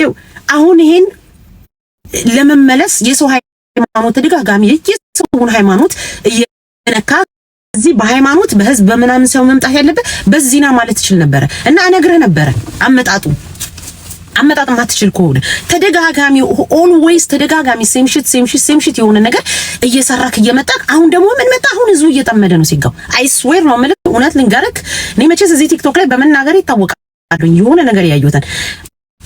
ይኸው አሁን ይሄን ለመመለስ የሰው ሃይማኖት ተደጋጋሚ የሰውን ሃይማኖት እየነካ እዚህ በሃይማኖት በህዝብ በምናምን ሰው መምጣት ያለበት በዚህና ማለት ትችል ነበረ እና እነግርህ ነበረ አመጣጡ አመጣጥ ማትችል ከሆነ ተደጋጋሚ ኦልዌይስ ተደጋጋሚ ሴም ሴም ሺት ሺት ሴም ሺት የሆነ ነገር እየሰራክ እየመጣክ አሁን ደግሞ ምን መጣ? አሁን ህዝቡ እየጠመደ ነው ሲጋው። አይ ስዌር ነው የምልህ እውነት ልንገርክ፣ እኔ መቼስ እዚህ ቲክቶክ ላይ በመናገር ይታወቃል የሆነ ነገር ያየሁትን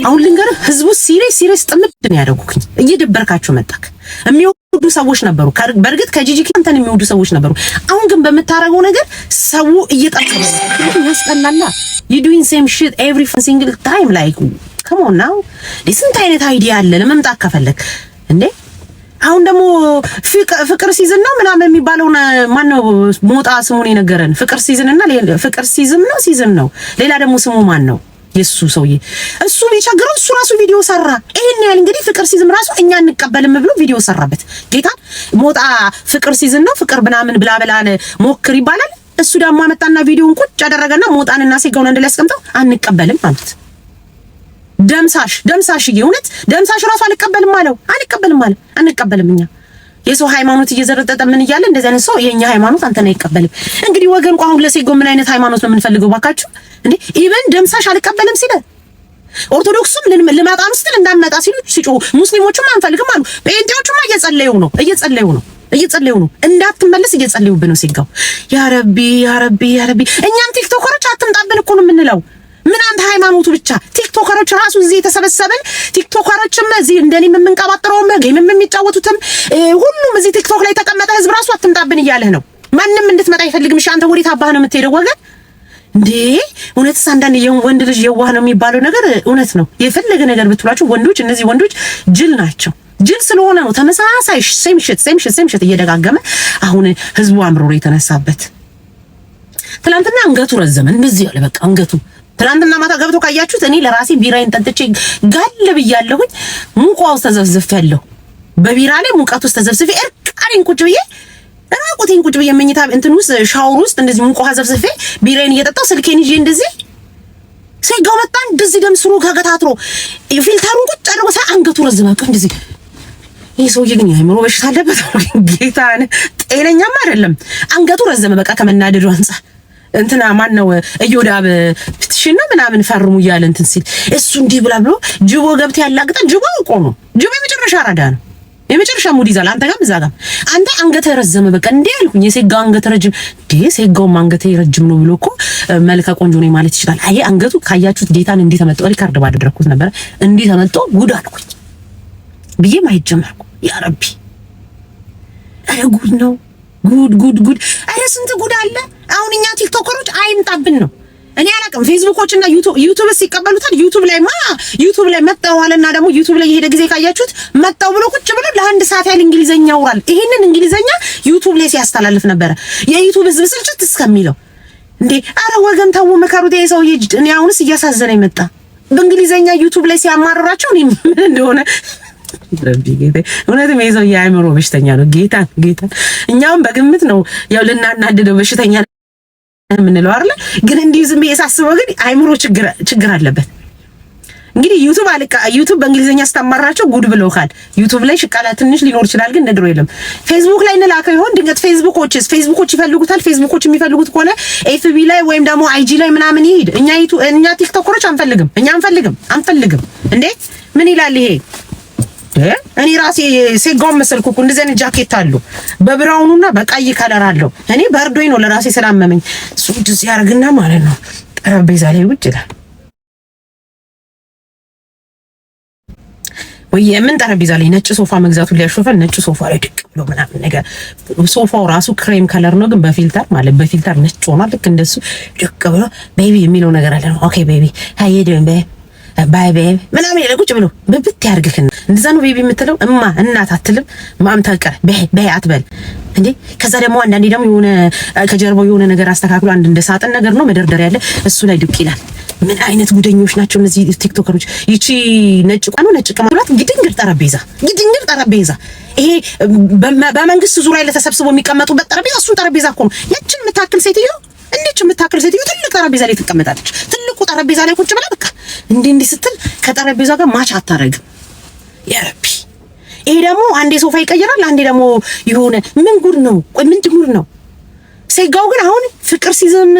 አሁን ልንገርህ፣ ህዝቡ ሲሪየስ ሲሪየስ ጥምድ ነው ያደረጉኝ። እየደበርካቸው መጣክ። የሚወዱ ሰዎች ነበሩ፣ በእርግጥ ከጂጂ አንተን የሚወዱ ሰዎች ነበሩ። አሁን ግን በምታረገው ነገር ሰው እየጠቀመ ያስጠላላ። ዩ ሴም ሺት ኤቭሪ ሲንግል ታይም ላይክ ከሞን ናው። ስንት አይነት አይዲያ አለ ለመምጣት ከፈለክ እንዴ? አሁን ደግሞ ፍቅር ሲዝን ነው ምናምን የሚባለውን ማን ነው ሞጣ ስሙን የነገረን? ፍቅር ሲዝን እና ፍቅር ሲዝም ነው ሲዝም ነው ሌላ ደግሞ ስሙ ማን ነው? የሱ ሰውዬ እሱ የቸገረው እሱ ራሱ ቪዲዮ ሰራ። ይሄን ያህል እንግዲህ ፍቅር ሲዝም ራሱ እኛ እንቀበልም ብሎ ቪዲዮ ሰራበት። ጌታ ሞጣ ፍቅር ሲዝም ነው ፍቅር ምናምን ብላብላን ሞክር ይባላል። እሱ ደግሞ አመጣና ቪዲዮን ቁጭ አደረገና ሞጣንና ሴጋውን አንድ ላይ አስቀምጠው አንቀበልም ማለት ደምሳሽ ደምሳሽ እውነት ደምሳሽ ራሱ አልቀበልም አለው። አንቀበልም አለ አንቀበልም እኛ የሰው ሃይማኖት እየዘረጠጠ ምን እያለ እንደዚህ አይነት ሰው የኛ ሃይማኖት አንተን አይቀበልም። እንግዲህ ወገን ቋሁን አሁን ለሴጎ ምን አይነት ሃይማኖት ነው የምንፈልገው? ባካችሁ እንዴ ኢቨን ደምሳሽ አልቀበልም ሲለ ኦርቶዶክሱም ልመጣም ስትል እንዳመጣ ሲሉ ሲጮ ሙስሊሞቹም አንፈልግም አሉ። ጴንጤዎቹም እየጸለዩ ነው እየጸለዩ ነው እየጸለዩ ነው። እንዳትመለስ እየጸለዩብን ነው። ሲጋው ያ ረቢ ያ ረቢ ያ ረቢ። እኛም ቲክቶከሮች አትምጣብን እኮ ነው የምንለው። ምናምን ሃይማኖቱ ብቻ ቲክቶከሮች ራሱ እዚህ የተሰበሰብን ቲክቶከሮችም እዚህ እንደኔም የምንቀባጥረውም ጌምም የሚጫወቱትም ሁሉም እዚህ ቲክቶክ ላይ የተቀመጠ ህዝብ ራሱ አትምጣብን እያለህ ነው። ማንም እንድትመጣ አይፈልግም። እሺ አንተ ወዴት አባህ ነው የምትሄደው? ወገን እንዴ እውነትስ አንዳንድ ወንድ ልጅ የዋህ ነው የሚባለው ነገር እውነት ነው። የፈለገ ነገር ብትሏቸው ወንዶች እነዚህ ወንዶች ጅል ናቸው። ጅል ስለሆነ ነው ተመሳሳይ ሴም ሽት ሴም ሽት ሴም ሽት እየደጋገመ አሁን ህዝቡ አምሮሮ የተነሳበት ትናንትና አንገቱ ረዘመ እንደዚህ ያለ በቃ አንገቱ ትናንትና ማታ ገብቶ ካያችሁት እኔ ለራሴ ቢራይን ጠጥቼ ጋል ብያለሁኝ። ሙቋ ውስጥ ተዘፍዝፍ ያለሁ በቢራ ላይ ሙቀት ውስጥ ተዘፍዝፌ እርቃኔን ቁጭ ብዬ ራቁቴን ቁጭ ብዬ መኝታ እንትን ውስጥ ሻወር ውስጥ እንደዚህ ሙቋ ዘፍዝፌ ቢራይን እየጠጣው ስልኬን ይዤ እንደዚህ ሴጋው መጣ። እንደዚህ ደም ስሩ ከገታትሮ ፊልተሩን ቁጭ አድርጎ ሳይ አንገቱ ረዝም በቃ እንደዚህ ይህ ሰውዬ ግን የአእምሮ በሽታ አለበት። ጌታ ጤነኛም አይደለም። አንገቱ ረዘመ በቃ ከመናደዱ አንጻር እንትና ማን ነው እዮዳብ ፕቲሽን ምናምን ፈርሙ እያለ እንትን ሲል እሱ እንዲህ ብላ ብሎ ጅቦ ገብት ያላግጠን ጅቦ ቆሞ ጅቦ የመጨረሻ አራዳ ነው። የመጨረሻ ሙድ ይዛል። አንተ ጋም እዛ ጋም አንተ አንገተ ረዘመ በቃ እንዴ አልኩኝ። የሴጋው አንገተ ረጅም እንዴ ሴጋውም አንገተ ረጅም ነው ብሎ እኮ መልከ ቆንጆ ነው ማለት ይችላል። አይ አንገቱ ካያችሁት ጌታን እንዲህ ተመጥቶ ሪካርድ ባደረኩት ነበር እንዲህ ተመጥቶ ጉድ አልኩኝ ብዬ ማየት ጀመርኩ። ያ ረቢ አረ ጉድ ነው ጉድ ጉድ ጉድ! አረ ስንት ጉድ አለ። አሁን እኛ ቲክቶከሮች አይምጣብን ነው። እኔ አላውቅም። ፌስቡኮች እና ዩቱብስ ይቀበሉታል። ዩቱብ ላይ ማ ዩቱብ ላይ መጣው አለና ደግሞ ዩቱብ ላይ የሄደ ጊዜ ካያችሁት መጣው ብሎ ቁጭ ብሎ ለአንድ ሰዓት ያህል እንግሊዘኛ አውራል። ይሄንን እንግሊዘኛ ዩቱብ ላይ ሲያስተላልፍ ነበረ። የዩቱብ ህዝብ ስልጭት እስከሚለው እንዴ! አረ ወገን ተው፣ መከሩት። ይሄ ሰውዬ እኔ አሁንስ እያሳዘነኝ መጣ። በእንግሊዘኛ ዩቱብ ላይ ሲያማርራቸው እኔ ምን እንደሆነ እውነትም የሰው የአእምሮ በሽተኛ ነው። ጌታ ጌታ እኛውም በግምት ነው ያው ልናናድደው በሽተኛ የምንለው አይደለ? ግን እንዲሁ ዝም የሳስበው ግን አእምሮ ችግር አለበት። እንግዲህ ዩቱብ አልቃ ዩቱብ በእንግሊዝኛ ስታማራቸው ጉድ ብለውካል። ዩቱብ ላይ ሽቃላ ትንሽ ሊኖር ይችላል፣ ግን ነድሮ የለም። ፌስቡክ ላይ እንላከው ይሆን ድንገት ፌስቡኮችስ ፌስቡኮች ይፈልጉታል። ፌስቡኮች የሚፈልጉት ከሆነ ኤፍቢ ላይ ወይም ደግሞ አይጂ ላይ ምናምን ይሄድ። እኛ ዩቱብ እኛ ቲክቶከሮች አንፈልግም፣ እኛ አንፈልግም፣ አንፈልግም። እንዴ ምን ይላል ይሄ? እኔ ራሴ ሴጋውን መሰልኩ እኮ እንደዚህ አይነት ጃኬት አሉ በብራውኑና በቀይ ከለር አለው። እኔ በርዶኝ ነው ለራሴ ስላመመኝ። እሱ እንደዚህ ያደርግና ማለት ነው ጠረጴዛ ላይ ውጭ ይላል። ወይ የምን ጠረጴዛ ላይ ነጭ ሶፋ መግዛቱን ሊያሾፈን ነጭ ሶፋ ላይ ድቅ ብሎ ምናምን ነገር ሶፋው ራሱ ክሬም ከለር ነው፣ ግን በፊልተር ማለት በፊልተር ነጭ ሆኗል። ልክ እንደሱ ድቅ ብሎ ቤቢ የሚለው ነገር አለ። ኦኬ ቤቢ ሀይ ዩ ዶይንግ ባይ ቤቢ ምናምን ይላል ቁጭ ብሎ ብብት ያርግክን። እንደዛ ነው ቤቢ የምትለው እማ እናት አትልም። ማም ታቀረ በይ አትበል እንዴ። ከዛ ደግሞ አንዳንዴ ደግሞ የሆነ ከጀርባው የሆነ ነገር አስተካክሎ አንድ እንደ ሳጥን ነገር ነው መደርደር ያለ እሱ ላይ ድቅ ይላል። ምን አይነት ጉደኞች ናቸው እነዚህ ቲክቶከሮች? ይቺ ነጭ ቋኑ ነጭ ቀማላት ግድንግር ጠረጴዛ ግድንግር ጠረጴዛ ይሄ በመንግስት ዙሪያ ለተሰብስቦ የሚቀመጡበት ጠረጴዛ እሱን ጠረጴዛ እኮ ነው ያችን የምታክል ሴትዮ እንዴት የምታክል ሴትዮ ትልቅ ጠረጴዛ ላይ ትቀመጣለች። ትልቁ ጠረጴዛ ላይ ቁጭ ብላ በቃ እንዲህ እንዲህ ስትል ከጠረጴዛ ጋር ማች አታረግም። የረቢ ይሄ ደግሞ አንዴ ሶፋ ይቀይራል፣ አንዴ ደግሞ የሆነ ምን ጉድ ነው? ቆይ ምን ጉድ ነው? ሴጋው ግን አሁን ፍቅር ሲዝም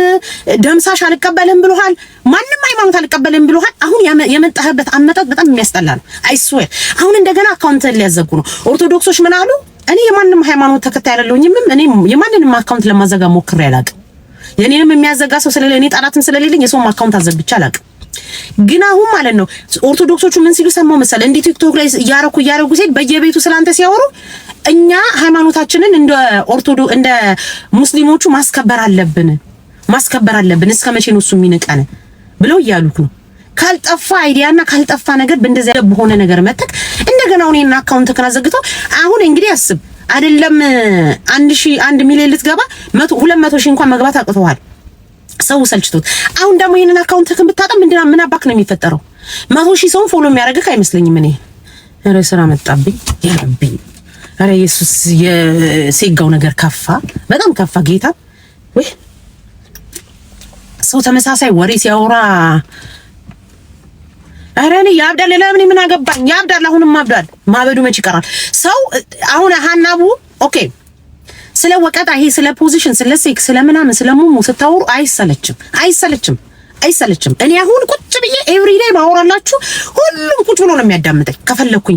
ደምሳሽ አልቀበልም ብሎሃል። ማንም ሃይማኖት አልቀበልም ብሎሃል። አሁን የመጣህበት አመጣጥ በጣም የሚያስጠላ ነው። አይስዌር አሁን እንደገና አካውንት ሊያዘጉ ነው። ኦርቶዶክሶች ምን አሉ? እኔ የማንም ሃይማኖት ተከታይ አይደለሁኝም። እኔ የማንንም አካውንት ለማዘጋ ሞክሬ አላውቅም። የኔንም የሚያዘጋ ሰው ስለሌለ እኔ ጠላትም ስለሌለኝ የሰውም አካውንት አዘግቼ አላውቅም። ግን አሁን ማለት ነው ኦርቶዶክሶቹ ምን ሲሉ ሰማው መሰለ እንዲህ ቲክቶክ ላይ እያረኩ እያረኩ ሲል በየቤቱ ስላንተ ሲያወሩ እኛ ሃይማኖታችንን እንደ ኦርቶዶ እንደ ሙስሊሞቹ ማስከበር አለብን ማስከበር አለብን እስከ መቼ ነው እሱ የሚንቀን ብለው እያሉት ነው። ካልጠፋ አይዲያና ካልጠፋ ነገር በእንደዚያ በሆነ ነገር መተክ እንደገና እኔና አካውንት ከናዘግተው አሁን እንግዲህ አስብ አይደለም አንድ ሺ አንድ ሚሊዮን ልትገባ መቶ ሁለት መቶ ሺህ እንኳን መግባት አቅተዋል። ሰው ሰልችቶት አሁን ደግሞ ይሄንን አካውንት ተከም ብታጠም ምንድና ምን አባክ ነው የሚፈጠረው? መቶ ሺህ ሰውን ፎሎ የሚያደርግህ አይመስለኝም። እኔ ኧረ ስራ መጣብኝ ያረቢ ኧረ ኢየሱስ የሴጋው ነገር ከፋ፣ በጣም ከፋ። ጌታ ወይ ሰው ተመሳሳይ ወሬ ሲያወራ ኧረ እኔ ያብዳል። ለምን ምን አገባኝ? ያብዳል። አሁንም አብዳል። ማበዱ መች ይቀራል? ሰው አሁን ሀናቡ ኦኬ ስለ ወቀጣ ይሄ ስለ ፖዚሽን ስለ ሴክስ ስለ ምናምን ስለ ሙሙ ስታወሩ አይሰለችም፣ አይሰለችም። አይሰለችም። እኔ አሁን ቁጭ ብዬ ኤቭሪዴይ ማወራላችሁ ሁሉም ቁጭ ብሎ ነው የሚያዳምጠኝ። ከፈለኩኝ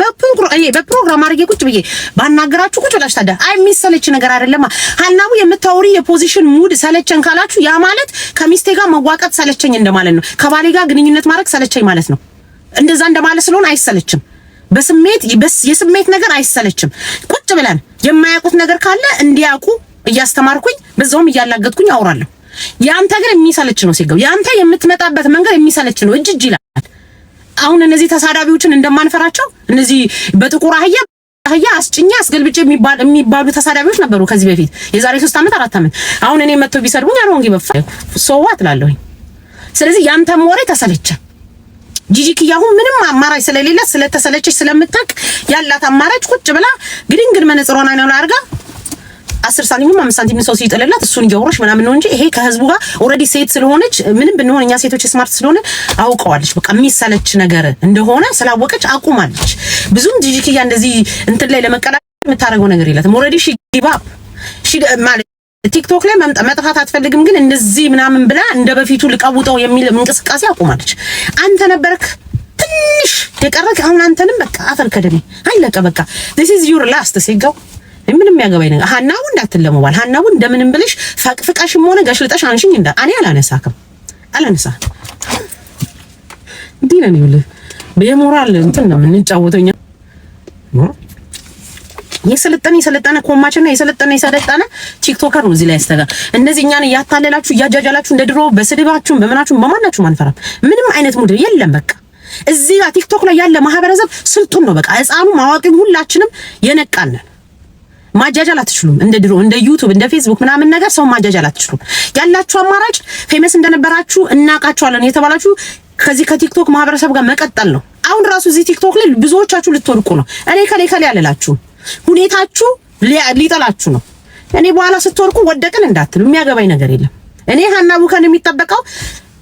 በፕሮግራም አድርጌ ቁጭ ብዬ ባናገራችሁ ቁጭ ብላችሁ ታዳ የሚሰለች ነገር አይደለማ። ሀናቡ የምታወሪ የፖዚሽን ሙድ ሰለቸን ካላችሁ ያ ማለት ከሚስቴ ጋር መዋቀጥ ሰለቸኝ እንደማለት ነው። ከባሌ ጋር ግንኙነት ማድረግ ሰለቸኝ ማለት ነው። እንደዛ እንደማለት ስለሆነ አይሰለችም። በስሜት የስሜት ነገር አይሰለችም። ቁጭ ብለን የማያውቁት ነገር ካለ እንዲያውቁ እያስተማርኩኝ በዛውም እያላገጥኩኝ አውራለሁ። ያንተ ግን የሚሰለች ነው ሲገው ያንተ የምትመጣበት መንገድ የሚሰለች ነው። እጅ እጅ ይላል። አሁን እነዚህ ተሳዳቢዎችን እንደማንፈራቸው እነዚህ በጥቁር አህያ አህያ አስጭኛ አስገልብጭ የሚባል የሚባሉ ተሳዳቢዎች ነበሩ ከዚህ በፊት የዛሬ ሶስት አመት አራት አመት አሁን እኔ መጥተው ቢሰድቡኝ አልሆንግ በፋ ሶዋት ትላለሁኝ። ስለዚህ ያንተ ወሬ ተሰለች ጂጂ ኪያ አሁን ምንም አማራጭ ስለሌለ ስለተሰለች ስለምታውቅ ያላት አማራጭ ቁጭ ብላ ግድን መነጽሯን መነጽሮና ነው አርጋ አስር ሳንቲም አምስት ሳንቲም ሰው ሲጥልላት እሱን እያወራሽ ምናምን ነው እንጂ ይሄ ከህዝቡ ጋር ኦልሬዲ ሴት ስለሆነች ምንም ብንሆን እኛ ሴቶች ስማርት ስለሆነ አውቀዋለች። በቃ የሚሰለች ነገር እንደሆነ ስላወቀች አቁማለች። ብዙም ጂጂኪያ እንደዚህ እንትን ላይ ለመቀላቀል የምታደርገው ነገር የላትም። ኦልሬዲ ሺ ጊቭ አፕ ሺ ማለት ቲክቶክ ላይ መጥፋት አትፈልግም፣ ግን እንደዚህ ምናምን ብላ እንደ በፊቱ ልቀውጠው የሚል እንቅስቃሴ አቁማለች። አንተ ነበርክ ትንሽ የቀረክ አሁን አንተንም በቃ አፈር ከደሜ አይለቀ በቃ ዚስ ኢዝ ዩር ላስት ሴጋው ምንም የሚያገባኝ ነገር ሀናቡ እንዳትለመዋል። ሀናቡ እንደምንም ብለሽ ፈቅፍቃሽም ሆነ ገሽልጠሽ አንሽኝ እንዳ እኔ አላነሳክም አላነሳ እንዲህ ነው ይኸውልህ የሞራል እንትን ነው የምንጫወተው እኛ የሰለጠነ የሰለጠነ ኮማችና የሰለጠነ የሰለጠነ ቲክቶከር ነው እዚህ ላይ ያስተጋ እንደዚህ እኛን እያታለላችሁ እያጃጃላችሁ እንደ ድሮ በስድባችሁም በምናችሁም በማናችሁም አንፈራም። ምንም አይነት ሙድር የለም። በቃ እዚህ ቲክቶክ ላይ ያለ ማህበረሰብ ስልጡን ነው። በቃ ህፃኑም አዋቂም ሁላችንም የነቃነን ማጃጃል አትችሉም። እንደ ድሮ እንደ ዩቱብ እንደ ፌስቡክ ምናምን ነገር ሰው ማጃጃል አትችሉም። ያላችሁ አማራጭ ፌመስ እንደነበራችሁ እናውቃችኋለን የተባላችሁ ከዚህ ከቲክቶክ ማህበረሰብ ጋር መቀጠል ነው። አሁን ራሱ እዚህ ቲክቶክ ላይ ብዙዎቻችሁ ልትወድቁ ነው። እኔ ከሌ ከሌ አልላችሁም። ሁኔታችሁ ሊጠላችሁ ነው። እኔ በኋላ ስትወድቁ ወደቅን እንዳትሉ፣ የሚያገባኝ ነገር የለም። እኔ ሀና ቡከን የሚጠበቀው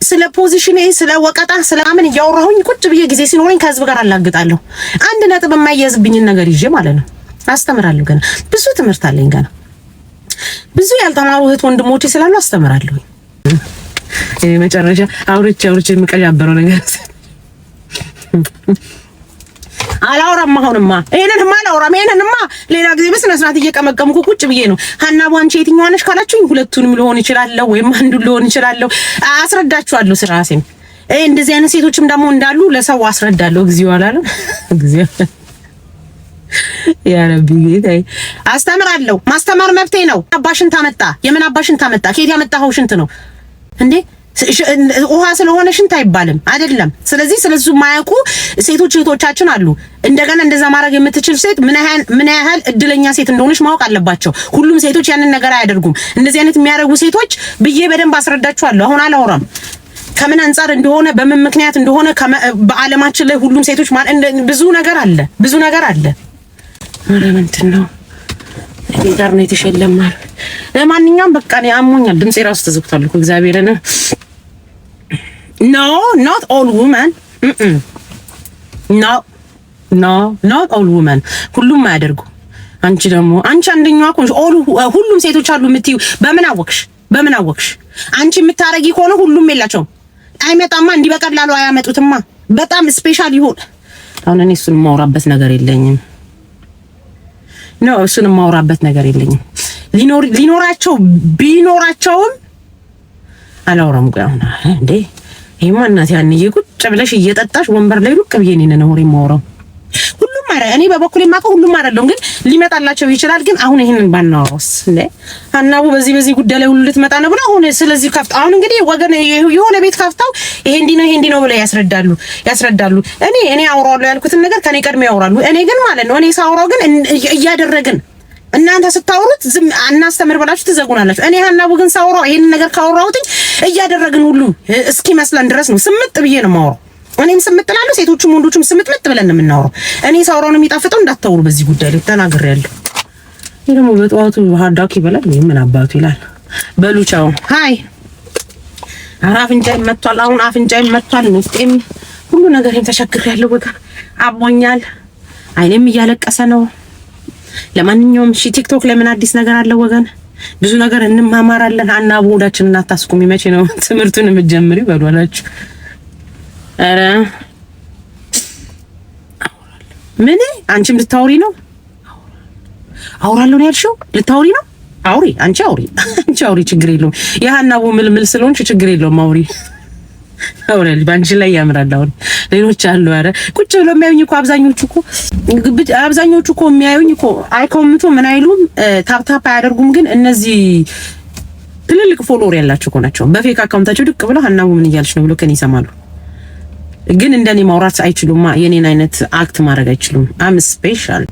ስለ ፖዚሽኔ ስለ ወቀጣ ስለ እያወራሁኝ ቁጭ ብዬ ጊዜ ሲኖረኝ ከህዝብ ጋር አላግጣለሁ። አንድ ነጥብ የማይያዝብኝን ነገር ይዤ ማለት ነው። አስተምራለሁ። ገና ብዙ ትምህርት አለኝ። ገና ብዙ ያልተማሩ እህት ወንድሞቼ ስላሉ አስተምራለሁ። እኔ መጨረሻ አውርቼ አውርቼ የምቀዣበረው ነገር አላውራም። አሁንማ ይሄንንማ አላውራም። ይሄንንማ ሌላ ጊዜ በስነ ስርዓት እየቀመቀምኩ ቁጭ ብዬ ነው። ሀና ባንቺ የትኛዋ ነሽ ካላችሁኝ ሁለቱንም ልሆን እችላለሁ ወይም አንዱን ልሆን እችላለሁ። አስረዳችኋለሁ ስራሴም እንደዚህ አይነት ሴቶችም ደግሞ እንዳሉ ለሰው አስረዳለሁ። እግዚኦ አላለም እግዚኦ ያረቢ ጌታይ አስተምራለሁ። ማስተማር መብቴ ነው። አባሽን ታመጣ የምን አባሽን ታመጣ? ከየት ያመጣኸው ሽንት ነው እንዴ? ውሃ ስለሆነ ሽንት አይባልም አይደለም። ስለዚህ ስለዚህ የማያውቁ ሴቶች እህቶቻችን አሉ። እንደገና እንደዛ ማድረግ የምትችል ሴት ምን ያህል እድለኛ ሴት እንደሆነች ማወቅ አለባቸው። ሁሉም ሴቶች ያንን ነገር አያደርጉም። እንደዚህ አይነት የሚያደርጉ ሴቶች ብዬ በደንብ አስረዳችኋለሁ። አሁን አላወራም ከምን አንጻር እንደሆነ በምን ምክንያት እንደሆነ በዓለማችን ላይ ሁሉም ሴቶች ብዙ ነገር አለ ብዙ ነገር አለ። ኧረ ምንድን ነው ኢንተርኔት ይሸለማል። ለማንኛውም በቃ እኔ አሞኛል። ድምጼ ራሱ ተዘግቷል እኮ እግዚአብሔርን። ኖ ኖት ኦል ውመን ኖ ኖ ኖት ኦል ውመን ሁሉም አያደርጉ። አንቺ ደግሞ አንቺ አንደኛዋ እኮ ኦል ሁሉም ሴቶች አሉ የምትይው በምን አወቅሽ? በምን አወቅሽ? አንቺ የምታረጊ ከሆነ ሁሉም የላቸውም። አይመጣማ፣ እንዲህ በቀላሉ አያመጡትማ። በጣም ስፔሻል ይሆን። አሁን እኔ እሱን የማውራበት ነገር የለኝም። ነው። እሱን የማውራበት ነገር የለኝም። ሊኖራቸው ቢኖራቸውም አላውራም። ቆይ አሁን እንዴ ይሄማ እናት ያንዬ ቁጭ ብለሽ እየጠጣሽ ወንበር ላይ ሉቅ ብዬ እኔን ነው ወሬ የማውራው። አረ እኔ በበኩል የማውቀው ሁሉም አይደለም፣ ግን ሊመጣላቸው ይችላል። ግን አሁን ይሄንን ባናወራውስ እንዴ? ሀናቡ በዚህ በዚህ ጉዳይ ላይ ሁሉ ልትመጣ ነው ብሎ አሁን ስለዚህ ከፍታ አሁን እንግዲህ ወገን የሆነ ቤት ከፍተው ይሄ እንዲህ ነው ይሄ እንዲህ ነው ብለው ያስረዳሉ ያስረዳሉ። እኔ እኔ አውራዋለሁ ያልኩትን ነገር ከኔ ቀድሜ ያወራሉ። እኔ ግን ማለት ነው እኔ ሳውራው ግን እያደረግን እናንተ ስታወሩት ዝም እናስተምር ብላችሁ ትዘጉናላችሁ። እኔ ሀናቡ ግን ሳውራው ይሄን ነገር ካወራሁት እያደረግን ሁሉ እስኪመስለን ድረስ ነው ስምጥ ብዬ ነው የማወራው። እኔም ስምጥ እላለሁ፣ ሴቶችም ወንዶችም ስምጥምጥ ብለን ነው የምናወራው። እኔ ሳውራው ነው የሚጣፍጠው፣ እንዳታወሩ በዚህ ጉዳይ ላይ ተናግሬያለሁ። ይሄ ደግሞ በጠዋቱ ሀዳክ ይበላል ወይም ምን አባቱ ይላል። በሉቻው ሃይ ኧረ አፍንጫዬ መቷል፣ አሁን አፍንጫዬ መቷል። ውስጤም ሁሉ ነገሬን ተሸግሬያለሁ። በቃ አሞኛል፣ አይኔም እያለቀሰ ነው። ለማንኛውም እሺ፣ ቲክቶክ ለምን አዲስ ነገር አለ ወገን? ብዙ ነገር እንማማራለን። አናቡ ሆዳችንን አታስቁሚ። መቼ ነው ትምህርቱን የምትጀምሪው? በሏላችሁ ኧረ ምን አንቺም ልታወሪ ነው? አውራለሁ ነው ያልሽው? ነው? አውሪ፣ አንቺ አውሪ፣ አንቺ አውሪ፣ ችግር የለውም። የሀናቡ ምልምል ስለሆንሽ ችግር የለውም። አውሪ አውራል ባንቺ ላይ ያምራል። አሁን ሌሎች አሉ። አረ ቁጭ ብሎ የሚያዩኝ እኮ አብዛኞቹ እኮ አብዛኞቹ እኮ የሚያዩኝ እኮ አይኮምቱ ምን አይሉም፣ ታፕታፕ አያደርጉም። ግን እነዚህ ትልልቅ ፎሎወር ያላቸው እኮ ናቸው። በፌክ አካውንታቸው ድቅ ብለው ሀናቡ ምን እያለች ነው ብሎ ከኔ ይሰማሉ። ግን እንደኔ ማውራት አይችሉማ። የኔን አይነት አክት ማድረግ አይችሉም። አም ስፔሻል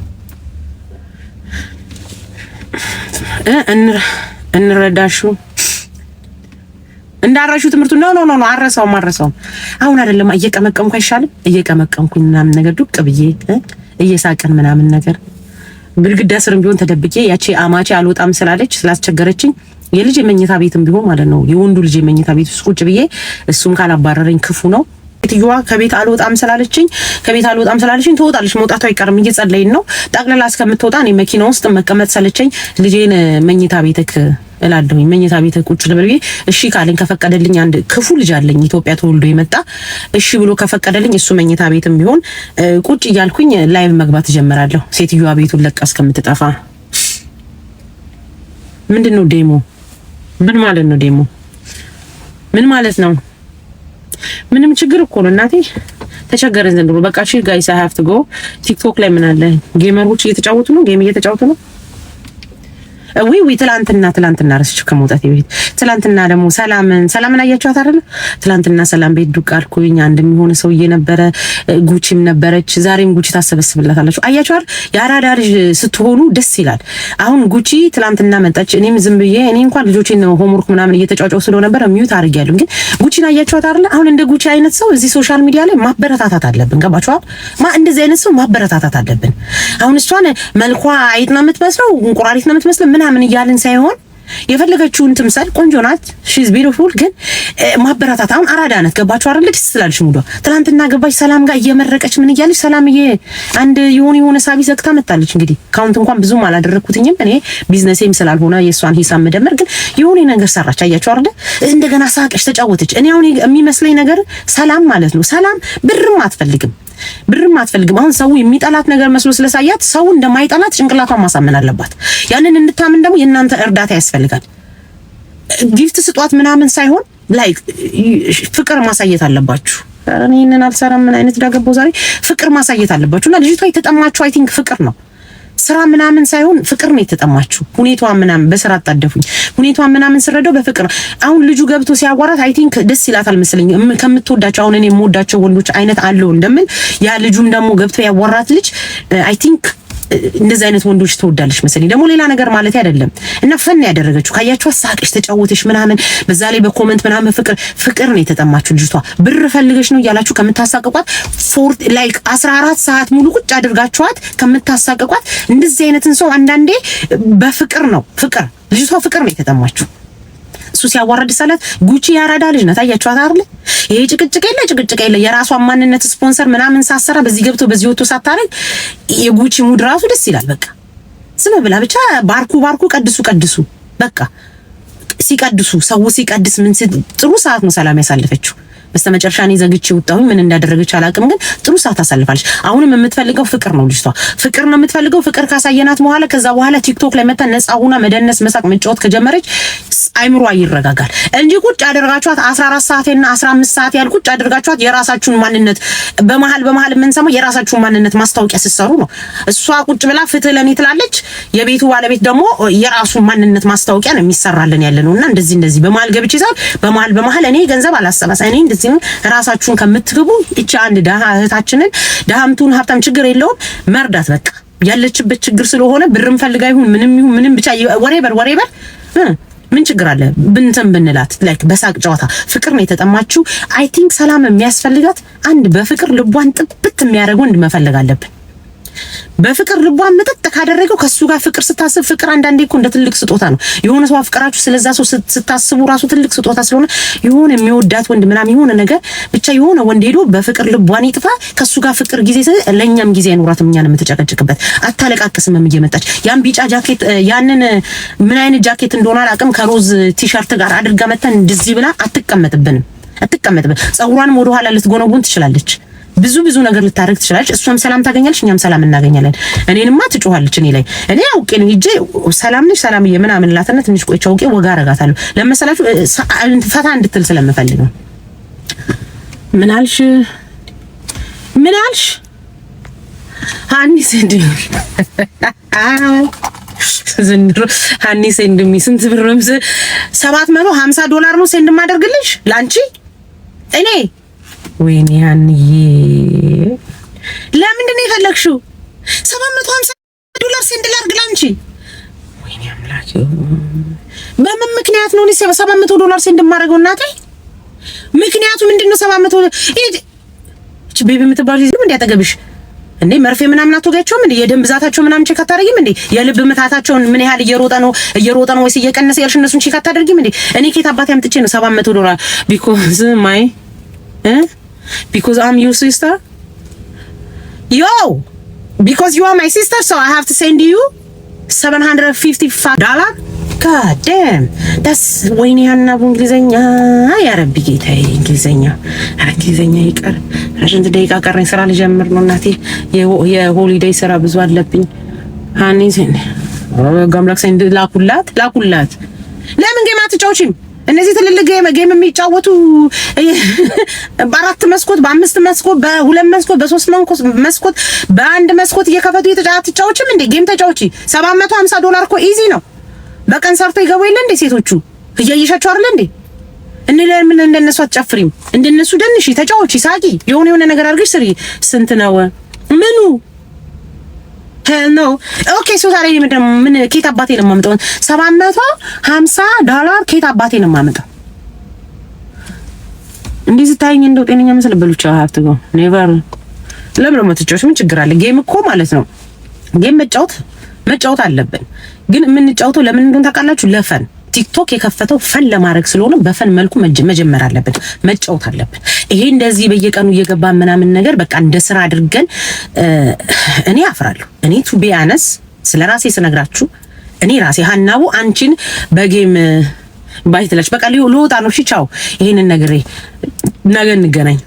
እንረዳሹ እንዳረሹ ትምህርቱ ነው ነው ነው አረሳውም አረሳውም። አሁን አይደለም እየቀመቀምኩ አይሻልም? እየቀመቀምኩኝ ምናምን ነገር ዱቅ ብዬ እየሳቀን ምናምን ነገር ግድግዳ ስርም ቢሆን ተደብቄ ያቺ አማቼ አልወጣም ስላለች ስላስቸገረችኝ የልጅ የመኝታ ቤትም ቢሆን ማለት ነው የወንዱ ልጅ የመኝታ ቤት ውስጥ ቁጭ ብዬ እሱም ካላባረረኝ ክፉ ነው ሴትዮዋ ከቤት አልወጣም ስላለችኝ ከቤት አልወጣም ስላለችኝ ትወጣለች። መውጣቱ አይቀርም እየጸለይን ነው። ጠቅልላ እስከምትወጣ እኔ መኪና ውስጥ መቀመጥ ሰለቸኝ። ልጄን መኝታ ቤትክ እላለሁኝ መኝታ ቤት ቁጭ ልበል ብዬ እሺ ካለኝ ከፈቀደልኝ፣ አንድ ክፉ ልጅ አለኝ ኢትዮጵያ ተወልዶ የመጣ እሺ ብሎ ከፈቀደልኝ እሱ መኝታ ቤትም ቢሆን ቁጭ እያልኩኝ ላይቭ መግባት እጀምራለሁ። ሴትዮዋ ቤቱን ለቃ እስከምትጠፋ። ምንድን ነው ዴሞ? ምን ማለት ነው ዴሞ? ምን ማለት ነው? ምንም ችግር እኮ ነው እናቴ። ተቸገረን ዘንድሮ በቃ። እሺ ጋይስ አይ ሃቭ ቱ ጎ። ቲክቶክ ላይ ምን አለ? ጌመሮች እየተጫወቱ ነው፣ ጌም እየተጫወቱ ነው። ወይ ወይ ትላንትና ትላንትና ረስቼው ከመውጣት በፊት ትላንትና ደግሞ ሰላምን ሰላምን አያችኋት አይደል? ትላንትና ሰላም ቤት ዱቅ አልኩኝ። አንድ የሚሆነ ሰውዬ ነበረ፣ ጉቺም ነበረች። ዛሬም ጉቺ ታሰበስብላታላችሁ። አያችሁ አይደል? የአራዳ ልጅ ስትሆኑ ደስ ይላል። አሁን ጉቺ ትላንትና መጣች። እኔም ዝም ብዬ እኔ እንኳን ልጆቼን ሆምወርክ ምናምን እየተጫጫው ስለነበረ ሚዩት አድርጌያለሁ። ግን ጉቺን አያችኋት አይደል? አሁን እንደ ጉቺ አይነት ሰው እዚህ ሶሻል ሚዲያ ላይ ማበረታታት አለብን። ገባችኋል? ማ እንደዚህ አይነት ሰው ማበረታታት አለብን። አሁን እሷን መልኳ አይጥ ነው የምትመስለው፣ እንቁራሪት ነው የምትመስለው ምናምን እያልን ሳይሆን የፈለገችውን ትምሰል። ቆንጆ ናት፣ ሺዝ ቢዩቲፉል። ግን ማበረታታ። አሁን አራዳ ናት። ገባችሁ አይደል? ልጅ ስላልሽ ሙዷ። ትናንትና ገባች ሰላም ጋር እየመረቀች ምን እያለች ሰላምዬ፣ አንድ የሆነ የሆነ ሳቢ ዘግታ መጣለች። እንግዲህ ካውንት እንኳን ብዙም አላደረግኩትኝም እኔ ቢዝነሴም ስላልሆነ የእሷን ሂሳብ መደመር፣ ግን የሆነ ነገር ሰራች። አያችሁ አይደል? እንደገና ሳቀች፣ ተጫወተች። እኔ አሁን የሚመስለኝ ነገር ሰላም ማለት ነው። ሰላም ብርም አትፈልግም ብርም አትፈልግም። አሁን ሰው የሚጠላት ነገር መስሎ ስለሳያት ሰው እንደማይጠላት ጭንቅላቷን ማሳመን አለባት። ያንን እንድታምን ደግሞ የእናንተ እርዳታ ያስፈልጋል። ጊፍት ስጧት ምናምን ሳይሆን ላይክ ፍቅር ማሳየት አለባችሁ። ይህንን አልሰራም ምን አይነት ዳገባው ዛሬ። ፍቅር ማሳየት አለባችሁ እና ልጅቷ የተጠማችሁ አይ ቲንክ ፍቅር ነው። ስራ ምናምን ሳይሆን ፍቅር ነው የተጠማችሁ። ሁኔቷን ምናምን በስራ አጣደፉኝ። ሁኔቷን ምናምን ስረዳው በፍቅር አሁን ልጁ ገብቶ ሲያዋራት አይ ቲንክ ደስ ይላታል መሰለኝ። ከምትወዳቸው አሁን እኔ የምወዳቸው ወንዶች አይነት አለው እንደምን ያ ልጁም ደግሞ ገብቶ ያዋራት ልጅ አይ ቲንክ እንደዚህ አይነት ወንዶች ትወዳለች መሰለኝ። ደግሞ ሌላ ነገር ማለት አይደለም እና ፈን ያደረገችው ካያችሁ አሳቅሽ ተጫወተሽ ምናምን በዛ ላይ በኮመንት ምናምን ፍቅር ፍቅር ነው የተጠማችሁ ልጅቷ። ብር ፈልገሽ ነው እያላችሁ ከምታሳቅቋት ፎርት ላይክ 14 ሰዓት ሙሉ ቁጭ አድርጋችኋት ከምታሳቅቋት እንደዚህ አይነትን ሰው አንዳንዴ በፍቅር ነው ፍቅር ልጅቷ ፍቅር ነው የተጠማችሁ። እሱ ሲያዋረድ ሰላት ጉቺ ያራዳ ልጅ ናት። አያችኋት አይደል? ይሄ ጭቅጭቅ የለ ጭቅጭቅ የለ የራሷን ማንነት ስፖንሰር ምናምን ሳሰራ በዚህ ገብቶ በዚህ ወጥቶ ሳታረግ የጉቺ ሙድ ራሱ ደስ ይላል። በቃ ዝም ብላ ብቻ ባርኩ ባርኩ፣ ቀድሱ ቀድሱ፣ በቃ ሲቀድሱ ሰው ሲቀድስ ምን ጥሩ ሰዓት ነው ሰላም ያሳለፈችው። በስተመጨረሻ እኔ ዘግቼ ወጣሁኝ። ምን እንዳደረገች አላውቅም፣ ግን ጥሩ ሰዓት አሳልፋለች። አሁንም የምትፈልገው ፍቅር ነው። ልጅቷ ፍቅር ነው የምትፈልገው። ፍቅር ካሳየናት በኋላ ከዛ በኋላ ቲክቶክ ላይ መታ ነፃ ሁና መደነስ፣ መሳቅ፣ መጫወት ከጀመረች አይምሯ ይረጋጋል እንጂ ቁጭ አደርጋችኋት 14 ሰዓቴና 15 ሰዓት ያህል ቁጭ አደርጋችኋት የራሳችሁን ማንነት በመሀል በመሀል የምንሰማው የራሳችሁን ማንነት ማስታወቂያ ስትሰሩ ነው። እሷ ቁጭ ብላ ፍትህ ለኔ ትላለች። የቤቱ ባለቤት ደግሞ የራሱን ማንነት ማስታወቂያ ነው የሚሰራልን ያለ ነው እና እንደዚህ እንደዚህ በመሀል ገብቼ ሳል በመሀል በመሀል እኔ ገንዘብ አላሰባስ እኔ ፖሊሲን ራሳችሁን ከምትግቡ እቺ አንድ ደሃ እህታችንን ደሃምቱን ሀብታም ችግር የለውም መርዳት በቃ ያለችበት ችግር ስለሆነ ብርም ፈልጋ ይሁን ምንም ይሁን ምንም ብቻ ወሬበር ወሬበር ምን ችግር አለ ብንተን ብንላት ላይክ በሳቅ ጨዋታ ፍቅር ነው የተጠማችው። አይ ቲንክ ሰላም የሚያስፈልጋት አንድ በፍቅር ልቧን ጥብት የሚያደርግ ወንድ መፈለግ አለብን። በፍቅር ልቧን መጠጥ ካደረገው ከሱ ጋር ፍቅር ስታስብ ፍቅር አንዳንዴ እኮ እንደ ትልቅ ስጦታ ነው። የሆነ ሰው አፍቅራችሁ ስለዛ ሰው ስታስቡ ራሱ ትልቅ ስጦታ ስለሆነ የሆነ የሚወዳት ወንድ ምናምን የሆነ ነገር ብቻ የሆነ ወንድ ሄዶ በፍቅር ልቧን ይጥፋ ከሱ ጋር ፍቅር ጊዜ ለእኛም ጊዜ አይኖራትም። እኛን የምትጨቀጭቅበት አታለቃቅስም። እየመጣች ያን ቢጫ ጃኬት ያንን ምን አይነት ጃኬት እንደሆነ አላውቅም ከሮዝ ቲሸርት ጋር አድርጋ መተን እንድዚህ ብላ አትቀመጥብንም አትቀመጥብን። ጸጉሯንም ወደኋላ ልትጎነጉን ትችላለች። ብዙ ብዙ ነገር ልታደርግ ትችላለች። እሷም ሰላም ታገኛለች፣ እኛም ሰላም እናገኛለን። እኔንማ ትጮኋለች እኔ ላይ እኔ አውቄ ነው ሂጄ ሰላም ነሽ ሰላም ሰላምዬ ምናምን እላትና ትንሽ ቆይቼ አውቄ ወጋ አረጋታለሁ። ለመሰላችሁ ፈታ እንድትል ስለምፈልግ ነው። ምን አልሽ? ምን አልሽ? ሀኒ ሴንድሚ ዘንድሮ ሀኒ ሚ ስንት ብር ነው? ሰባት መቶ ሀምሳ ዶላር ነው ሴንድ ማደርግልሽ ለአንቺ እኔ ወይኔ ሀንዬ ለምንድን ነው የፈለግሽው? ሰባት መቶ ሀምሳ ዶላር ሴንድ ላድርግ ላንቺ። ወይኔ አምላኬ በምን ምክንያት ነው ሰባት መቶ ዶላር ሴንድ የማደርገው? እናቴ ምክንያቱ ምንድን ነው? ሰባት መቶ ቤቢ እንዲ ያጠገብሽ እንዴ መርፌ ምናምን አትወጋቸውም እንዴ? የደም ብዛታቸው ምናምን ቼክ አታደርጊም እንዴ? የልብ ምታታቸውን ምን ያህል እየሮጠ ነው እየሮጠ ነው ወይስ እየቀነሰ ያልሽ እነሱን ቼክ አታደርጊም እንዴ? እኔ ኬት አባቴ አምጥቼ ነው 700 ዶላር ቢኮዝ ማይ እ because I'm your sister? Yo, because you are my sister, so I have to send you 755 dollar? God damn. That's ወይኔ ያና እንግሊዘኛ ያረቢ ጌታዬ እንግሊዘኛ እንግሊዘኛ ይቀር። ስንት ደቂቃ ቀረኝ? ስራ ልጀምር ነው እናቴ። የሆሊዴይ ስራ ብዙ አለብኝ። ሀኒ ላኩላት ላኩላት። ለምን ጌማ አትጫወቺም? እነዚህ ትልልቅ ጌም የሚጫወቱ በአራት መስኮት፣ በአምስት መስኮት፣ በሁለት መስኮት፣ በሶስት መስኮት፣ በአንድ መስኮት እየከፈቱ የተጫዋቾችም እንዴ? ጌም ተጫዋች 750 ዶላር እኮ ኢዚ ነው። በቀን ሰርቶ ይገቡ የለ እንዴ? ሴቶቹ እያየሻቸው አይደል እንዴ? እኔ ለምን እንደነሱ አትጨፍሪም? እንደነሱ ደንሽ ተጫወቺ፣ ሳቂ፣ የሆነ የሆነ ነገር አድርገሽ ስሪ። ስንት ነው ምኑ? ነው ኦኬ። ሶ ዛሬ ምን ምን ኬት አባቴ ነው የማመጣው? ሰባት ዶላር ኬት አባቴ ነው የማመጣው? እንዲህ ስታይኝ እንደው ጤነኛ መስል በሉቻ ሀብት ነው ኔቨር። ለምን ነው ምን ችግር አለ? ጌም እኮ ማለት ነው ጌም መጫወት መጫወት አለብን። ግን የምንጫወተው ለምን እንደሆነ ታውቃላችሁ? ለፈን ቲክቶክ የከፈተው ፈን ለማድረግ ስለሆነ በፈን መልኩ መጀመር አለብን፣ መጫወት አለብን። ይሄ እንደዚህ በየቀኑ እየገባ ምናምን ነገር በቃ እንደ ስራ አድርገን እኔ አፍራለሁ። እኔ ቱ ቢያነስ ስለ ራሴ ስነግራችሁ እኔ ራሴ ሀናቡ አንቺን በጌም ባይትለች በቃ ልወጣ ነው። እሺ ቻው፣ ይሄንን ነገር ነገ እንገናኝ።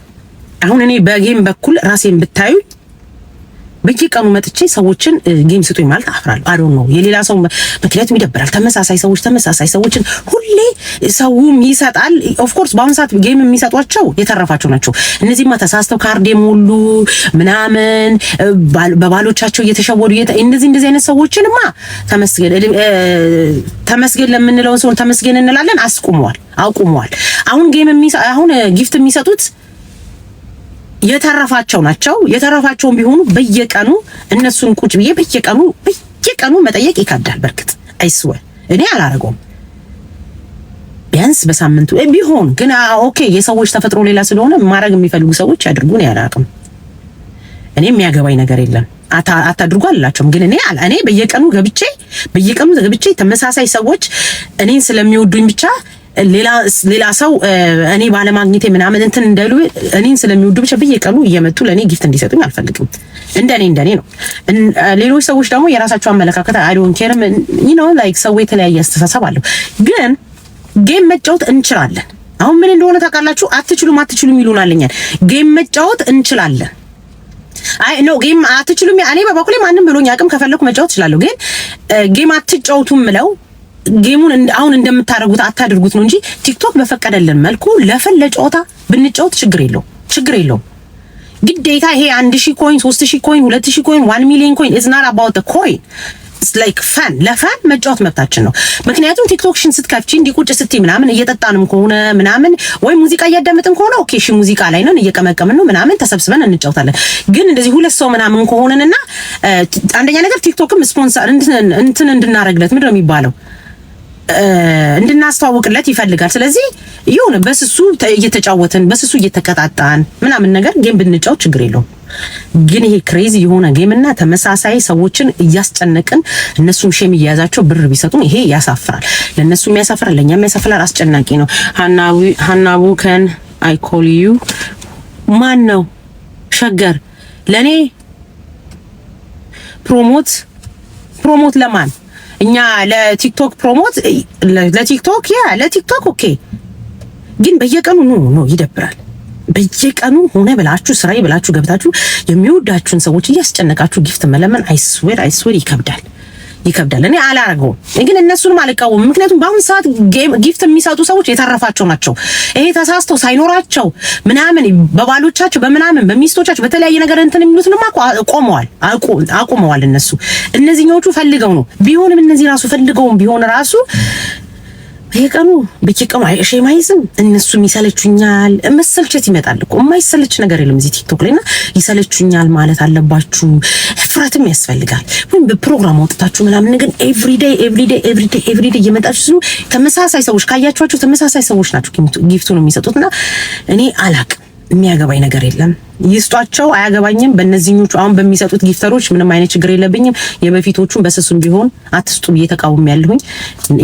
አሁን እኔ በጌም በኩል ራሴን ብታዩ በየቀኑ መጥቼ ሰዎችን ጌም ስጡኝ ማለት አፍራለሁ። አዶ ነው የሌላ ሰው ምክንያቱም ይደብራል። ተመሳሳይ ሰዎች ተመሳሳይ ሰዎችን ሁሌ ሰውም ይሰጣል። ኦፍኮርስ በአሁኑ ሰዓት ጌም የሚሰጧቸው የተረፋቸው ናቸው። እነዚህማ ተሳስተው ካርድ የሞሉ ምናምን በባሎቻቸው እየተሸወዱ እነዚህ እንደዚህ አይነት ሰዎችንማ ተመስገን ተመስገን ለምንለውን ሰው ተመስገን እንላለን። አስቁመዋል፣ አቁመዋል። አሁን ጌም አሁን ጊፍት የሚሰጡት የተረፋቸው ናቸው። የተረፋቸውን ቢሆኑ በየቀኑ እነሱን ቁጭ ብዬ በየቀኑ በየቀኑ መጠየቅ ይከብዳል። በርግጥ አይስወ እኔ አላረገውም። ቢያንስ በሳምንቱ ቢሆን ግን ኦኬ። የሰዎች ተፈጥሮ ሌላ ስለሆነ ማድረግ የሚፈልጉ ሰዎች ያድርጉን። ያላቅም እኔ የሚያገባኝ ነገር የለም። አታድርጉ አላቸውም። ግን እኔ እኔ በየቀኑ ገብቼ በየቀኑ ገብቼ ተመሳሳይ ሰዎች እኔን ስለሚወዱኝ ብቻ ሌላ ሰው እኔ ባለማግኘቴ ምናምን እንትን እንደሉ እኔን ስለሚወዱ ብቻ በየቀኑ እየመጡ ለእኔ ጊፍት እንዲሰጡኝ አልፈልግም። እንደኔ እንደኔ ነው። ሌሎች ሰዎች ደግሞ የራሳቸው አመለካከት አይዶን ኬርም ኖ ላይክ ሰው የተለያየ አስተሳሰብ አለው። ግን ጌም መጫወት እንችላለን። አሁን ምን እንደሆነ ታውቃላችሁ። አትችሉም አትችሉም ይሉናልኛል። ጌም መጫወት እንችላለን። አይ ኖ ጌም አትችሉም። እኔ በበኩሌ ማንም ብሎኝ አቅም ከፈለኩ መጫወት እችላለሁ። ግን ጌም አትጫወቱም ምለው ጌሙን አሁን እንደምታደርጉት አታድርጉት ነው እንጂ ቲክቶክ በፈቀደልን መልኩ ለፈን ለጨዋታ ብንጫወት ችግር የለው ችግር የለው። ግዴታ ይሄ 1000 ኮይን 3000 ኮይን 2000 ኮይን 1 ሚሊዮን ኮይን ኢዝ ናት አባውት ዘ ኮይን ኢትስ ላይክ ፈን ለፈን መጫወት መብታችን ነው። ምክንያቱም ቲክቶክሽን ስትከፍቺ እንዲህ ቁጭ ስትይ ምናምን እየጠጣንም ከሆነ ምናምን ወይ ሙዚቃ እያዳመጥን ከሆነ ኦኬ እሺ ሙዚቃ ላይ ነን እየቀመቀምን ነው ምናምን ተሰብስበን እንጫወታለን። ግን እንደዚህ ሁለት ሰው ምናምን ከሆነና አንደኛ ነገር ቲክቶክም ስፖንሰር እንትን እንድናረግለት ምንድን ነው የሚባለው እንድናስተዋውቅለት ይፈልጋል። ስለዚህ የሆነ በስሱ እየተጫወትን በስሱ እየተቀጣጣን ምናምን ነገር ጌም ብንጫው ችግር የለውም። ግን ይሄ ክሬዚ የሆነ ጌምና ተመሳሳይ ሰዎችን እያስጨነቅን እነሱም ሼም እየያዛቸው ብር ቢሰጡን ይሄ ያሳፍራል። ለነሱ የሚያሳፍራል፣ ለእኛም የሚያሳፍራል። አስጨናቂ ነው። ሀናቡ ከን ዩ ማን ነው ሸገር ለእኔ ፕሮሞት ፕሮሞት ለማን እኛ ለቲክቶክ ፕሮሞት ለቲክቶክ ያ ለቲክቶክ ኦኬ፣ ግን በየቀኑ ኖ ኖ ይደብራል። በየቀኑ ሆነ ብላችሁ ስራዬ ብላችሁ ገብታችሁ የሚወዳችሁን ሰዎች እያስጨነቃችሁ ጊፍት መለመን አይስዌር አይስዌር ይከብዳል። ይከብዳል። እኔ አላረገውም፣ ግን እነሱንም አልቃወምም። ምክንያቱም በአሁን ሰዓት ጊፍት የሚሰጡ ሰዎች የተረፋቸው ናቸው። ይሄ ተሳስተው ሳይኖራቸው ምናምን በባሎቻቸው በምናምን በሚስቶቻቸው በተለያየ ነገር እንትን የሚሉትንማ ቆመዋል፣ አቁመዋል። እነሱ እነዚህኞቹ ፈልገው ነው ቢሆንም እነዚህ ራሱ ፈልገውም ቢሆን ራሱ በየቀኑ በየቀኑ ሼም አይዝም። እነሱ ይሰለቹኛል፣ መሰልቸት ይመጣል እኮ የማይሰለች ነገር የለም እዚህ ቲክቶክ ላይ እና ይሰለቹኛል ማለት አለባችሁ። ፍራትም ያስፈልጋል። ወይም በፕሮግራም አውጥታችሁ ምናምን ግን ኤቭሪዴይ ኤቭሪዴይ ኤቭሪዴይ ኤቭሪዴይ እየመጣችሁ ሲሉ ተመሳሳይ ሰዎች ካያችኋቸው ተመሳሳይ ሰዎች ናቸው ጊፍቱን የሚሰጡት እና እኔ አላቅም የሚያገባኝ ነገር የለም። ይስጧቸው፣ አያገባኝም። በእነዚህኞቹ አሁን በሚሰጡት ጊፍተሮች ምንም አይነት ችግር የለብኝም። የበፊቶቹን በስሱም ቢሆን አትስጡ ብዬ ተቃውም ያለሁኝ።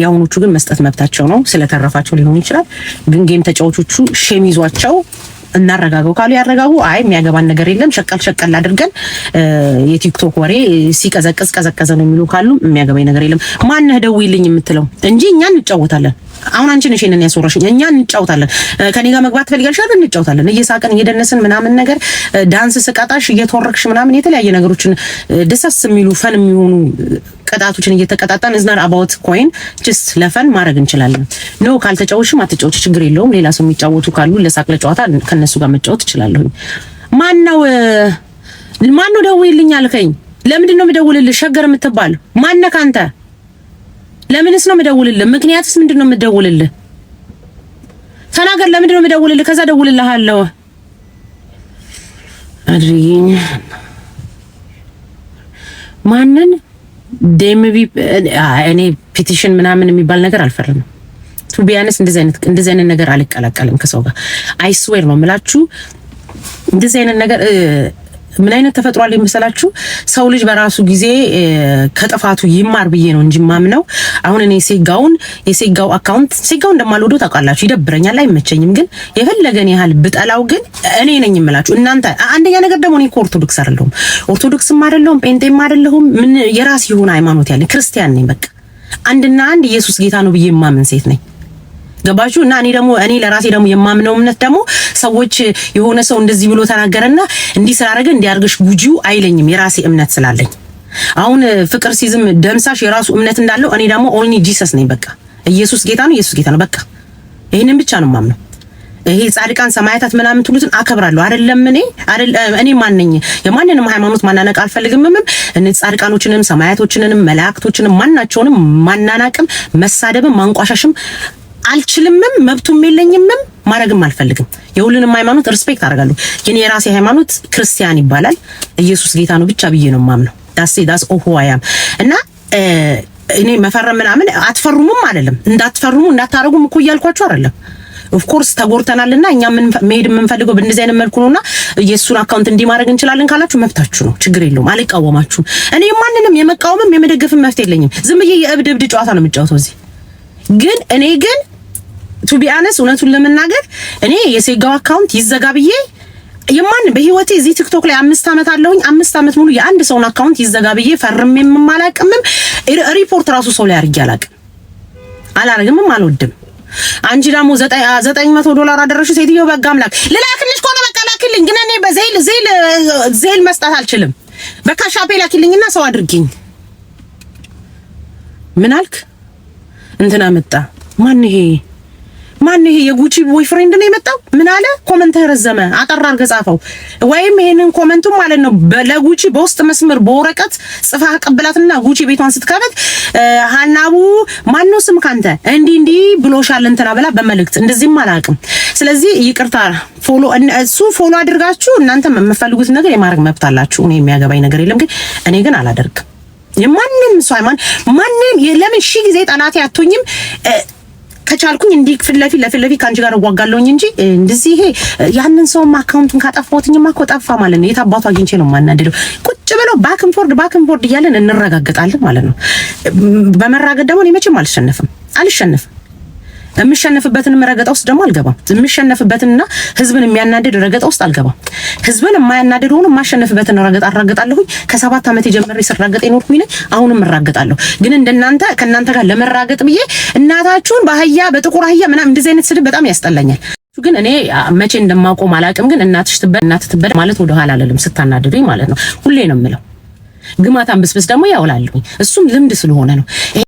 የአሁኖቹ ግን መስጠት መብታቸው ነው፣ ስለተረፋቸው ሊሆን ይችላል። ግን ጌም ተጫዋቾቹ ሼም ይዟቸው እናረጋገው ካሉ ያረጋጉ። አይ የሚያገባን ነገር የለም፣ ሸቀል ሸቀል አድርገን የቲክቶክ ወሬ ሲቀዘቅዝ ቀዘቀዘ ነው የሚሉ ካሉ የሚያገባኝ ነገር የለም። ማነህ ደውይልኝ የምትለው እንጂ እኛ እንጫወታለን። አሁን አንቺ ነሽ ይሄንን ያስወራሽኝ። እኛ እንጫወታለን፣ ከኔ ጋር መግባት ትፈልጋለሽ አይደል? እንጫወታለን፣ እየሳቀን እየደነስን ምናምን ነገር ዳንስ ስቀጣሽ እየተወረክሽ ምናምን የተለያየ ነገሮችን ደሳስ የሚሉ ፈን የሚሆኑ ቅጣቶችን እየተቀጣጣን እዝናር አባውት ኮይን ጅስት ለፈን ማድረግ እንችላለን። ኖ ካልተጫወትሽም አትጫወች፣ ችግር የለውም። ሌላ ሰው የሚጫወቱ ካሉ ለሳቅ ለጨዋታ ከነሱ ጋር መጫወት ነው ማነው ማነው ደውይልኝ አልከኝ? ለምንድን ነው የምደውልልሽ? ሸገር የምትባል ማነህ አንተ? ለምንስ ነው የምደውልልህ? ምክንያትስ ምንድን ነው የምደውልልህ? ተናገር። ለምንድን ነው የምደውልልህ? ከዛ እደውልልሃለሁ። አድርጊኝ። ማንን ደምቢ እኔ ፒቲሽን ምናምን የሚባል ነገር አልፈርምም። ቱ ቢያንስ እንደዚህ አይነት ነገር አልቀላቀልም ከሰው ጋር። አይስዌር ነው የምላችሁ እንደዚህ አይነት ነገር ምን አይነት ተፈጥሯል የመሰላችሁ ሰው ልጅ በራሱ ጊዜ ከጥፋቱ ይማር ብዬ ነው እንጂ ማምነው። አሁን እኔ ሴጋውን የሴጋው አካውንት ሴጋው እንደማልወደው ታውቃላችሁ፣ ይደብረኛል፣ አይመቸኝም። ግን የፈለገን ያህል ብጠላው ግን እኔ ነኝ የምላችሁ እናንተ። አንደኛ ነገር ደግሞ እኔ እኮ ኦርቶዶክስ አይደለሁም፣ ኦርቶዶክስም አይደለሁም፣ ጴንጤም አይደለሁም። ምን የራስ የሆነ ሃይማኖት ያለኝ ክርስቲያን ነኝ። በቃ አንድና አንድ ኢየሱስ ጌታ ነው ብዬ ማምን ሴት ነኝ። ገባችሁ? እና እኔ ደግሞ እኔ ለራሴ ደግሞ የማምነው እምነት ደግሞ ሰዎች የሆነ ሰው እንደዚህ ብሎ ተናገረና እንዲህ ስላደረገ እንዲያርግሽ ጉጂው አይለኝም የራሴ እምነት ስላለኝ። አሁን ፍቅር ሲዝም ደምሳሽ የራሱ እምነት እንዳለው እኔ ደግሞ ኦንሊ ጂሰስ ነኝ። በቃ ኢየሱስ ጌታ ነው፣ ኢየሱስ ጌታ ነው። በቃ ይሄንን ብቻ ነው ማምነው ይሄ ጻድቃን ሰማያታት ምናምን ትሉትን አከብራለሁ አይደለም። እኔ እኔ ማን ነኝ? የማንንም ሃይማኖት ማናነቅ አልፈልግምም። ጻድቃኖችንም ሰማያቶችንም መላእክቶችንም ማናቸውንም ማናናቅም መሳደብም ማንቋሻሽም አልችልምም፣ መብቱም የለኝምም፣ ማድረግም አልፈልግም። የሁሉንም ሃይማኖት ሪስፔክት አደርጋለሁ። ግን የራሴ ሃይማኖት ክርስቲያን ይባላል። ኢየሱስ ጌታ ነው ብቻ ብዬ ነው የማምነው። ዳሴ ዳስ ኦሆ አያም እና እኔ መፈረም ምናምን አትፈሩምም አይደለም። እንዳትፈሩሙ እንዳታረጉም እኮ እያልኳችሁ አይደለም። ኦፍኮርስ ተጎርተናል እኛ መሄድ የምንፈልገው በእንደዚህ አይነት መልኩ ነውና የእሱን አካውንት እንዲህ ማድረግ እንችላለን ካላችሁ መብታችሁ ነው፣ ችግር የለውም። አልቃወማችሁም። እኔ ማንንም የመቃወምም የመደገፍም መፍት የለኝም። ዝም ብዬ የእብድ እብድ ጨዋታ ነው የምጫወተው እዚህ ግን እኔ ግን ቱ ቢ አነስ እውነቱን ለመናገር እኔ የሴጋው አካውንት ይዘጋ ብዬ የማን በህይወቴ እዚህ ቲክቶክ ላይ አምስት ዓመት አለውኝ አምስት ዓመት ሙሉ የአንድ ሰውን አካውንት ይዘጋ ብዬ ፈርም የማላቅምም ሪፖርት ራሱ ሰው ላይ አድርጌ አላቅም፣ አላረግምም፣ አልወድም። አንቺ ደግሞ ዘጠኝ መቶ ዶላር አደረሽ ሴትዮ በጋምላክ አምላክ ልላክልሽ ከሆነ በቃ ላክልኝ፣ ግን እኔ በዘይል ዘይል ዘይል መስጣት አልችልም። በቃ ሻፔ ላክልኝና ሰው አድርጊኝ። ምን አልክ? እንትና መጣ ማን ይሄ ማን ይሄ የጉቺ ቦይፍሬንድ ነው የመጣው? ምን አለ ኮመንት ረዘመ፣ አጠር አድርገህ ጻፈው። ወይም ይሄንን ኮመንቱ ማለት ነው ለጉቺ በውስጥ መስመር በወረቀት ጽፋ አቀብላትና ጉቺ ቤቷን ስትከፍት ሀናቡ ማን ነው ስም ካንተ እንዲህ እንዲህ ብሎሻል እንትና ብላ በመልእክት እንደዚህም አላውቅም። ስለዚህ ይቅርታ ፎሎ እሱ ፎሎ አድርጋችሁ እናንተ የምትፈልጉት ነገር የማድረግ መብት አላችሁ። እኔ የሚያገባኝ ነገር የለም፣ ግን እኔ ግን አላደርግም። የማንም ሰው ማንም ለምን ሺ ጊዜ ጠላቴ አትሆኝም ከቻልኩኝ እንዲህ ፊት ለፊት ለፊት ከአንቺ ጋር እዋጋለሁኝ እንጂ እንደዚህ ይሄ ያንን ሰውም አካውንቱን ካጠፋሁትኝማ እኮ ጠፋ ማለት ነው። የት አባቱ አግኝቼ ነው የማናደደው? ቁጭ ብሎ ባክን ፎርድ ባክን ፎርድ እያለን እንረጋገጣለን ማለት ነው። በመራገድ ደግሞ እኔ መቼም አልሸነፍም አልሸነፍም የምሸነፍበትንም ረገጣ ውስጥ ደግሞ አልገባም። የምሸነፍበትንና ህዝብን የሚያናድድ ረገጣ ውስጥ አልገባም። ህዝብን የማያናድድ ሆኖ የማሸነፍበትን ረገጣ አራገጣለሁኝ። ከሰባት ዓመት የጀመረ ስራገጥ የኖርኩኝ ነኝ። አሁንም እራገጣለሁ። ግን እንደናንተ ከእናንተ ጋር ለመራገጥ ብዬ እናታችሁን በአህያ በጥቁር አህያ ምናም እንደዚህ አይነት ስድብ በጣም ያስጠላኛል። ግን እኔ መቼ እንደማቆም አላውቅም። ግን እናትሽ ትበል እናት ትበል ማለት ወደኋላ አልልም። ስታናድዱኝ ማለት ነው። ሁሌ ነው የምለው። ግማታን ብስብስ ደግሞ ያውላለሁኝ። እሱም ልምድ ስለሆነ ነው።